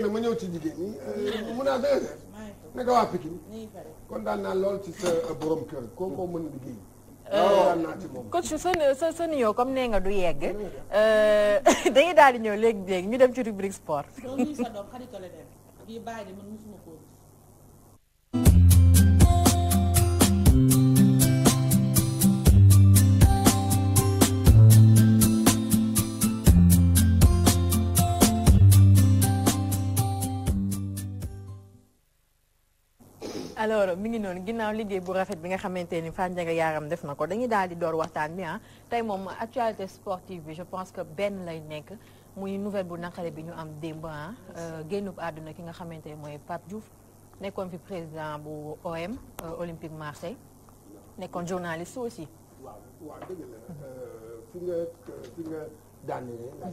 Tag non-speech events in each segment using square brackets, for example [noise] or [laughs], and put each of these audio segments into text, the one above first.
na ma ñëw ci jigéen ñi mun naa dëgg naka waa Pikine kontaan naa lool ci sa euh, borom kër ko mën liggéey euh, waaw naa ci moom. coach sa sa sa nuyoo comme nee nga du yegg euh, [laughs] dañuy daal di ñëw léegi léegi ñu dem ci ko alors mi ngi noonu ginnaaw liggéey bu rafet bi nga xamante ni Fane Ndiaga Yaram def na ko dañuy daal di door waxtaan bi ah tey moom actualité sportive bi je pense que benn lay nekk muy nouvelle bu naqare bi ñu am démb ah euh, génnub àdduna ki nga xamante ni mooy Pape Diouf nekkoon fi président bu OM euh, Olympique Marseille nekkoon journaliste aussi. waaw waaw dëgg euh, fi nga fi nga daanee laay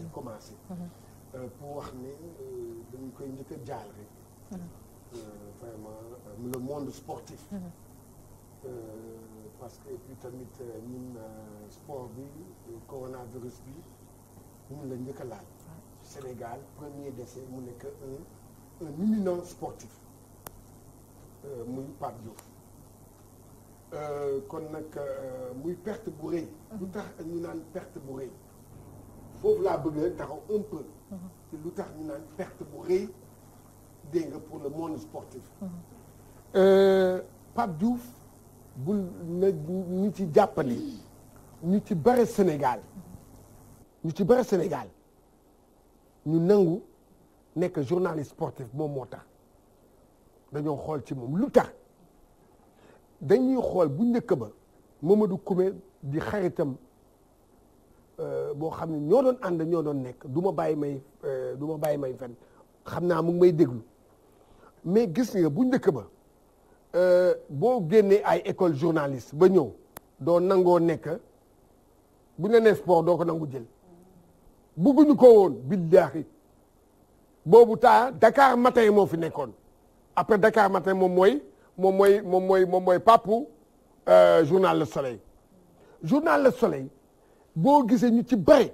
mhm. koy njëkk jaal rek. Mhm. Euh, vraiment euh, le monde sportif. Mhm. Euh, parce que tamit ñun sport bi coronavirus bi ñun la njëkk a laal. Sénégal premier décès mu nekk un un imminent sportif muy Pape Diouf. kon nag muy perte bu rëy. Mhm. lu tax ñu naan perte bu rëy foofu laa bëgg taxaw un peu. Mhm. te lu tax ñu naan perte bu rëy. dégg nga pour le monde sportif. Mhm. Euh, Pape Diouf bul na ñu ci jàppali ñu ci bari Sénégal ñu ci bare Sénégal ñu nangu nekk journaliste sportif moom moo tax dañoo xool ci moom lu tax dañuy xool bu njëkk ba Mamadou Koumé di xaritam euh, boo xam ne ñoo doon ànd ñoo doon nekk du ma bàyyi may euh, du ma bàyyi may fen xam naa mu may déglu mais gis nga bu njëkk ba euh, boo génnee ay école journaliste ba ñëw doo nangoo nekk bu ñu nee sport doo ko nangu jël bugguñu ko woon billaahi boobu taa Dakar matin moo fi nekkoon après Dakar matin moom mooy moom mooy moom mooy moom mooy papu euh, journal Le Soleil journal Le Soleil boo gisee ñu ci bëri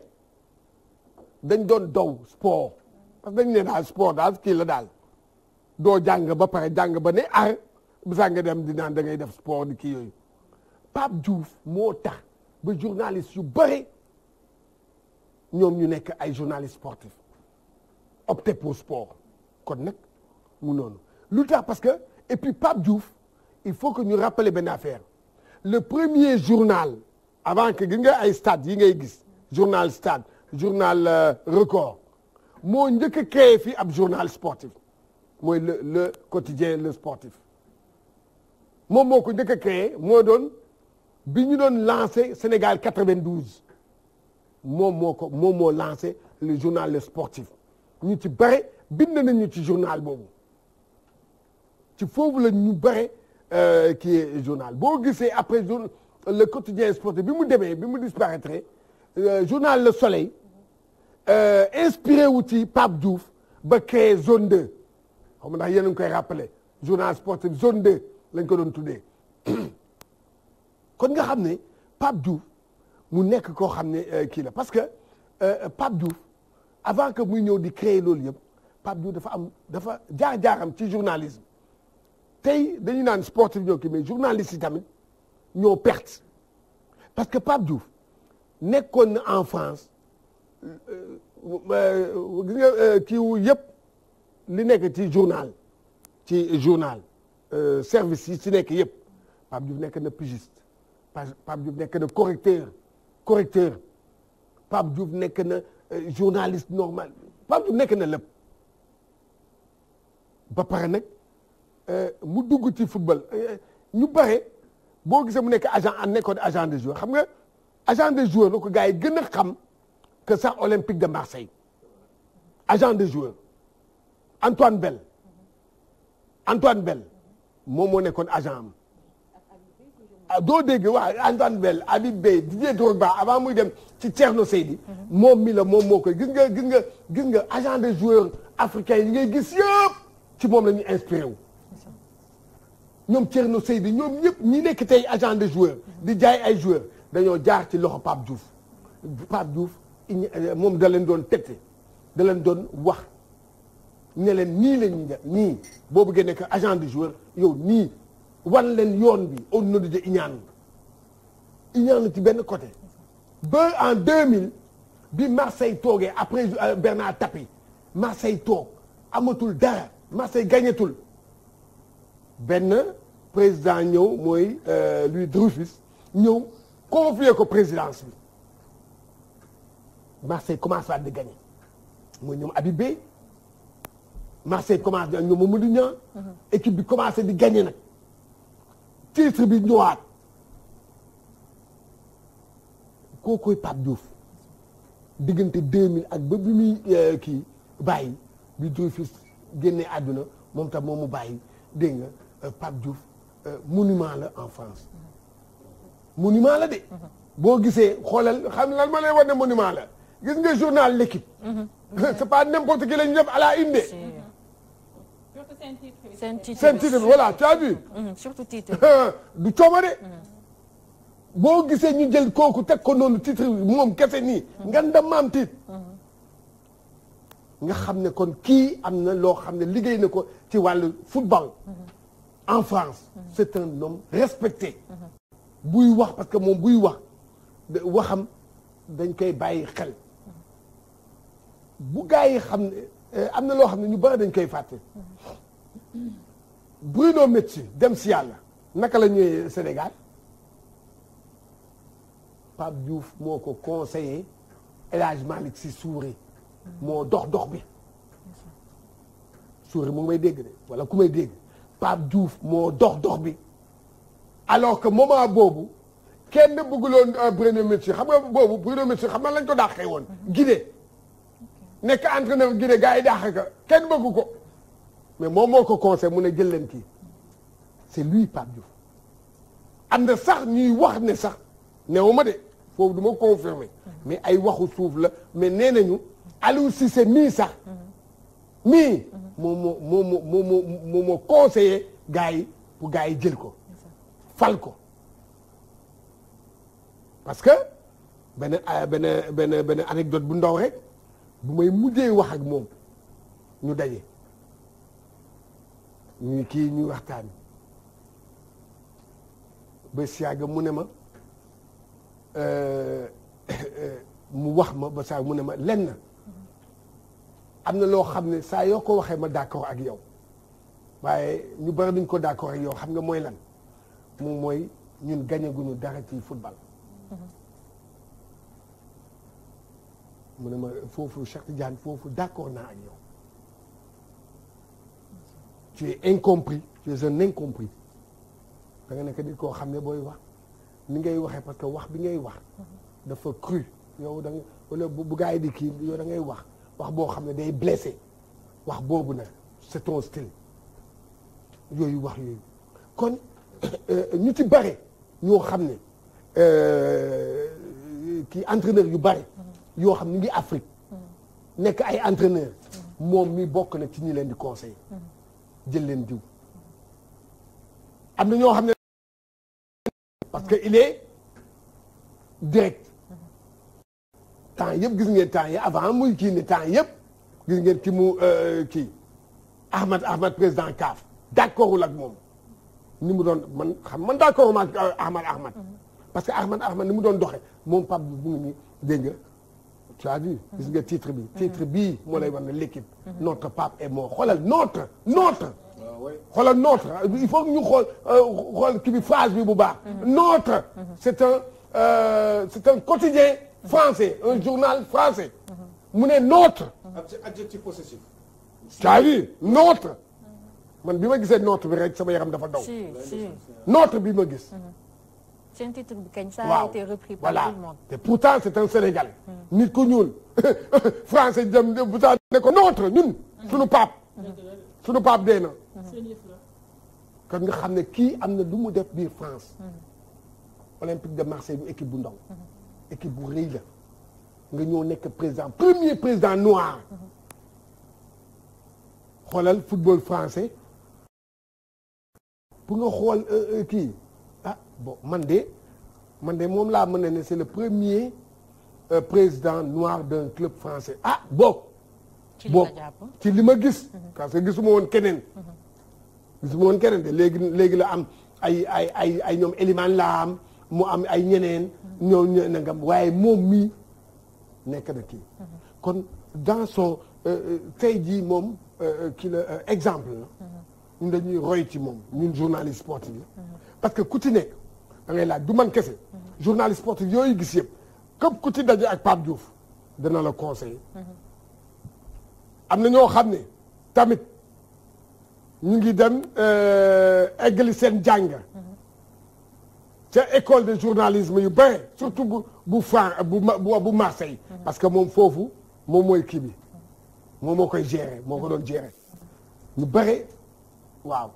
dañ doon dow sport parce que dañ ne daal sport daal kii la daal doo jàng ba pare jàng ba ne ar ah, bu nga dem di naan da def sport di kii yooyu Pape Diouf moo tax ba journaliste yu bëri ñoom ñu nekk ay journaliste sportif opté pour sport kon nag mu noonu lu tax parce que et puis Pape Diouf il faut que ñu rappeler benn affaire le premier journal avant que gis nga ay stade yi ngay gis journal stade journal euh, record moo njëkk a créé fii ab journal sportif mooy le le quotidien le sportif moom moo ko njëkk a créé moo doon bi ñu doon lancé Sénégal 92 moom moo ko moom moo lancé le journal le sportif ñu ci bare bind nañu ci journal boobu ci foofu la ñu bare euh, kii journal boo gisee après jour le quotidien sportif bi mu demee bi mu disparaître euh, journal Le Soleil euh, inspiré wu ci Pape Diouf ba créé zone de xaw ma ndax yéen a ngi koy rappelé journal sportif zone 2 lañ ko doon tuddee [clears throat] kon nga xam ne Pape Diouf mu nekk koo xam ne euh, kii la parce que euh, Pape Diouf avant que muy ñëw di créer loolu yëpp Pape Diouf dafa am dafa jaar am ci journalisme tey dañu naan sportif ñoo kii mais journaliste yi tamit ñoo perte parce que Pape Diouf nekkoon na en France euh, gis nga yëpp. li nekk ci journal ci journal euh, service yi ci nekk yëpp Pape Diouf nekk na pigiste Pape Diouf nekk na correcteur correcteur Pape Diouf nekk na euh, journaliste normal Pape Diouf nekk na lépp ba pare nag euh, mu dugg ci football ñu bare boo gisee mu nekk agent a nekkoon agent de joueur xam nga agent de joueur la ko gars yi gën a xam que sax Olympique de Marseille agent de joueur Antoine Bell Antoine Bell moom moo nekkoon agent am ah doo dégg waaw Antoine Bell Habib Beye Didier Drogba avant muy dem ci Thierno Seydi moom mi la moom moo koy gis nga gis nga gis nga agent des joueurs africains yi ngay gis yëpp ci moom la ñu inspiré wu. ñoom Thierno Seydi ñoom ñëpp ñi nekk tey agent des joueurs di jaay ay joueurs dañoo jaar ci loxo Pape Diouf Pape Diouf euh, moom da leen doon tette da leen doon wax. ne leen nii la ñuy def nii boobu bëggee nekk agent du joueur yow nii wan leen yoon bi au nom de iñaan iñaan ci benn côté ba en 2000 bi Marseille toogee après euh, Bernard Tapie Marseille toog amatul dara Marseille gagnatul benn président ñëw mooy euh, Louis Dreyfus ñëw confier ko présidence bi Marseille commence di gagner mooy ñoom Habib Marseille commencé ak ñoom Mamadou Niang équipe bi commencé di gagné nag titre bi ñëwaat kookoy Pape Diouf diggante 2000 ak ba bi muy euh, kii bàyyi bi Dreyfus génnee àdduna moom tam moom mu bàyyi dégg nga euh, Pape Diouf euh, monument la en France monument la de boo gisee xoolal xam lan ma lay wax ne monument la gis nga journal l'équipe mhm. [laughs] c'est pas n'importe qui la ñu à la une seen titre seen titre bi voilà tu as vu. Mm-hmm, surtout titre [laughs] du coomare. boo gisee ñu jël kooku teg ko noonu titre bi moom kese nii. nga ndamaam titre. Mm-hmm. nga xam ne kon kii am na loo xam ne liggéey ne ko ci wàll football. Mm-hmm. en France. c'est un homme respecté. buy wax parce que moom buy wax waxam dañ koy bàyyi xel. bu yi xam ne eh, am na loo xam ne ñu bari dañ koy fàtte. Mm. Bruno Metsu dem si yàlla naka la ñëwee Sénégal Pape Diouf moo ko conseillé El Hadj Malick Sy moo dox dox bi Souré mu ngi dégg wala ku may dégg Pape Diouf moo dox dox bi alors que moment boobu kenn bëgguloon euh, Bruno Metsu xam nga boobu Bruno Metsu xam nga lañ ko dàqee woon mm-hmm. Guinée nekk entraîneur na gars yi dàqee ko kenn bëggu ko mais moom moo ko conseil mu ne jël leen kii c'est lui Pape Diouf ànd sax ñuy wax ne sax néew ma de foofu duma ma mais ay waxu suuf la mais nee nañu Aliou Cissé mii sax mii moom moo moo moo moo moo moo moo gars yi pour gars yi jël ko fal ko parce que benn benn benn benn anecdote bu ndaw rek bu may mujjee wax ak moom ñu daje ñuy kii ñuy waxtaan ba siyaaga mu ne ma euh, [coughs] mu wax ma ba saa mu ne ma lenn am na loo xam ne saa yoo ko waxee ma d'accord ak yow waaye ñu bari duñ ko d'accord ak yow xam nga mooy lan moom mooy ñun gañaguñu dara ci football. Mm-hmm. mu ne ma foofu Cheikh Tidiane foofu d'accord naa ak yow. tu es incompris tu da nga nekk nit koo xam ne booy wax ni ngay waxee parce que wax bi ngay wax dafa cru yow da wala bu gars yi di kii yow da ngay wax wax boo xam ne day blessé wax boobu nag c'est ton yooyu wax yooyu kon [coughs] euh, ñu ci bare ñoo xam ne euh, kii entraîneur yu bare yoo xam ni ngi Afrique mm-hmm. nekk ay entraîneur mm-hmm. moom mi bokk na ci ñu leen di conseiller mm-hmm. jël leen diw am na ñoo xam ne parce que il est direct temps yëpp gis ngeen temps yi avant muy kii ne temps yëpp gis ngeen ki mu euh, kii Ahmad Ahmad président CAF d'accordul ak moom ni mu doon man xam man d'accord ma ak euh, Ahmad Ahmad mm-hmm. parce que Ahmad Ahmad ni mu doon doxe moom Pape bu ngi nii dégg tu as nga titre bi titre bii moo lay war na l'équipe notre pape est mort xoolal notre notre xoolal il faut que ñu xool euh, xool kii bi phrase bi bu ba notre c'est un euh, c'est un quotidien français un journal français mu ne notre adjectif possessif tu as vu notre man bi ma gisee notre bi rek sama yaram dafa daw notre bi ma seen titre bu kañ ça a été repris par tout le monde. pourtant c'est un Sénégalais. Hmm. nit ku ñuul [laughs] français jëm bu saa ne ko notre ñun. Hmm. suñu pape. suñu pape dee na. Hmm. kon nga xam ne kii am na lu mu def biir France. Olympique de Marseille bu équipe bu ndaw. équipe bu rëy la nga ñëw nekk président premier président noir. xoolal football français. pour nga xool euh, euh, kii. bon man de man de moom laa mën na ne c'est le premier euh, président noir d'un club français ah bokk bokk ci li ma gis mhm. parce que gisuma woon keneen mhm. gisuma woon keneen de léegi léegi la am ay ay ay ay ñoom Eliman laa am mu am ay ñeneen mhm. ñoo nangam waaye moom mi nekk na kii kon dans son euh, euh, tey jii moom euh, kii la exemple la ñun dañuy roy ci moom ñun journaliste sportif yi parce que ku ci nekk da ngay laaj du man kese. journaliste sportif yooyu gis yëpp képp ku ci daje ak Pape Diouf dina la conseiller. am na ñoo xam ne tamit ñu ngi dem euh, eggali seen jàng. ca école de journalisme yu bare surtout bu bu bu bu Marseille. parce que moom foofu moom mooy kii bi moom moo koy gérer moo ko doon gérer ñu bare waaw.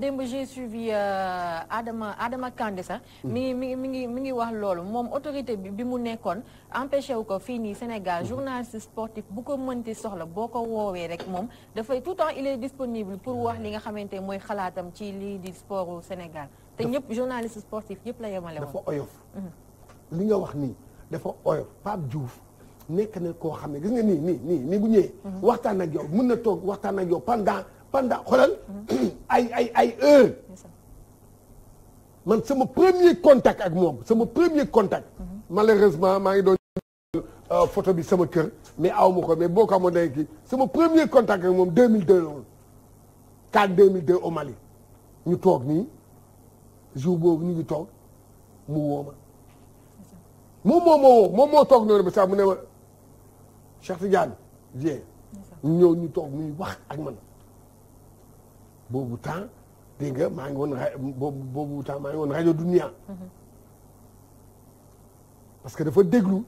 démb j'ai suivi euh, Adama Adama Kandé sax. Mm. mi ngi mi ngi mi ngi wax loolu moom autorité bi bi mu nekkoon empêché wu ko fii nii Sénégal mm. journaliste sportif bu ko mënti soxla boo ko woowee rek moom dafay tout temps il est disponible pour wax li nga xamante mooy xalaatam ci lii di sportu Sénégal te ñëpp journaliste sportif yëpp la yemale woon. dafa oyof. Mm-hmm. li nga wax nii dafa oyof Pape Diouf. nekk na koo xam ne gis nga nii nii nii nii bu ñëwee. Mm-hmm. waxtaan ak yow mën na toog waxtaan ak yow pendant xoolal ay ay ay heure man sama premier contact ak moom sama premier contact malheureusement maa ngi doon euh, photo bi sama kër mais aw ma ko mais boo ko amoon day kii sama premier contact ak moom 2002 la woon kan 2002 au Mali ñu toog nii jour boobu ñu ngi toog mu woo moom moo toog noonu ba sax mu ne ma Cheikh Tidiane viens ñëw ñu toog muy wax ak man boobu temps dégg maa ngi woon rajo Dunia. parce que dafa déglu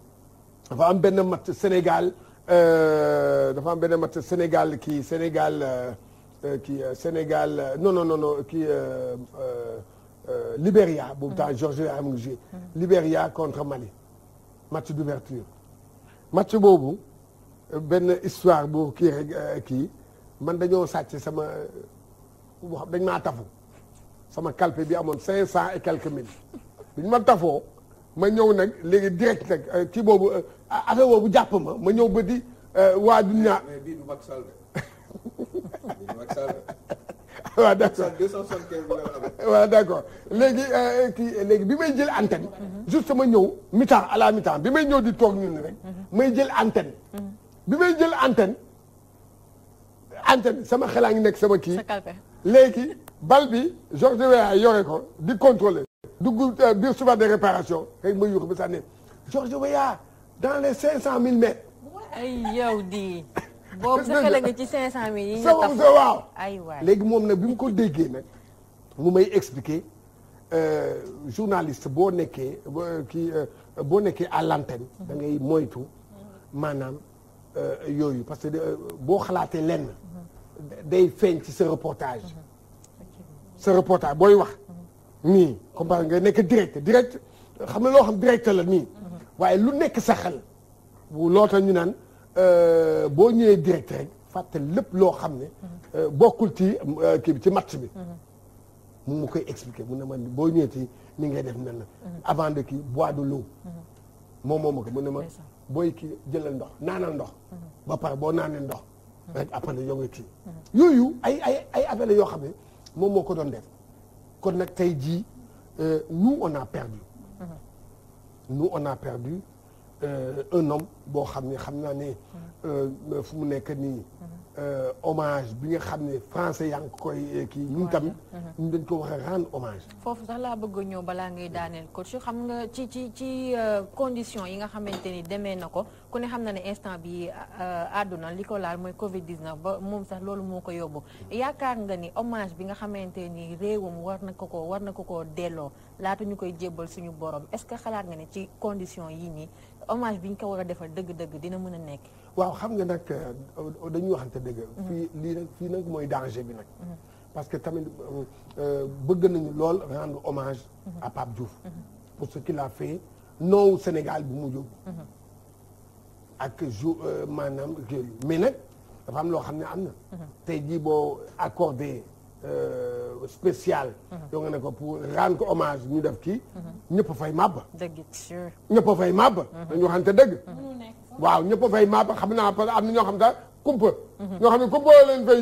dafa am benn match Sénégal euh, dafa am benn match Sénégal kii Sénégal kii Sénégal non boobu temps Georges Weah mu ngi joué. contre Mali match d'ouverture match boobu euh, benn histoire bu euh, kii man dañoo sàcc sama. boo xam dañ maa tafu sama calpe bi amoon cinq cent et quelques ma tafoo ma ñëw nag léegi direct nag euh, boobu euh, affaire boobu jàpp ma ma ñëw ba di euh, waa dunia. mais bii du Macky Sall [laughs] waaw bi may jël antenne. juste ma ñëw mi-temps à bi may ñëw di toog ñun rek. may jël antenne. Mm-hmm. bi may jël antenne. ante bi sama xelaa ngi nekk sama kii léegi bal bi Georges Weah yore ko di contrôler dugg euh, biir souvent de réparation rek ma yuux bi sànni Georges ya dans les cinq cent mille ay yow di boobu sa xel nga ci cinq cent mille yi sa moom sa waaw ay léegi moom nag bi mu ko déggee nag mu may expliqué euh, journaliste boo nekkee euh, kii boo nekkee à l'antenne da ngay moytu maanaam yooyu parce que boo xalaatee len day feeñ ci sa reportage sa reportage booy wax nii comprendre nga nekk direct direct xam ne loo xam direct la nii waaye lu nekk sa xel bu loo ñu naan euh, boo ñëwee direct rek fàttali lépp loo xam ne euh, bokkul ci euh, kii bi ci match bi mu mu koy expliquer mu na ma boo ñëwee ci ni ngay def nan la avant de kii bois de l'eau moom moo ma ko mun na ma booy kii jëlal ndox naanal ndox ba pare boo naanee ndox rek après la yongi kii mm-hmm. yooyu ay ay ay affaire la yoo xam ne moom moo ko doon def kon nag tey jii euh, nous on a perdu mm-hmm. on a perdu Euh, un homme boo xam ne xam naa ne euh, fu mu nekk nii euh, hommage bi nga xam ne français yaa ngi koy kii ñun tamit ñun dañ ko war a hommage foofu sax laa bëgg a ñëw balaa ngay daaneel coach xam nga ci ci ci condition yi nga xamante ni demee na ko ku ne xam na ne instant bi àdduna li ko laal mooy covid 19 ba moom sax loolu moo ko yóbbu yaakaar nga ni hommage bi nga xamante ni réewam war na ko ko war na ko ko delloo laata ñu koy jébbal suñu borom est-ce que xalaat nga ne ci condition yi hommage bi ñu ko war a defal dëgg-dëgg dina mën a nekk. waaw xam nga nag euh, dañuy waxante dëgg. Mm-hmm. fii lii nag fii mooy danger bi mm-hmm. parce que tamit euh, euh, bëgg nañu lool rendre hommage. Mm-hmm. à Pape Diouf. pour ce qu'il a fait noowu Sénégal bu mu jóg. ak jou maanaam mais nag dafa loo xam ne am na. tey jii boo accordé Euh, spécial. Mhm. yoo a ne ko pour rendre ko hommage ñu def kii. Mhm. ñëpp a fay màbb. dëgg sûr ñëpp a fay màbb. Mhm. dañu waxante dëgg. waaw ñëpp a fay màbb xam naa parce am na ñoo xam sax kumpa. ñoo xam ne kumpa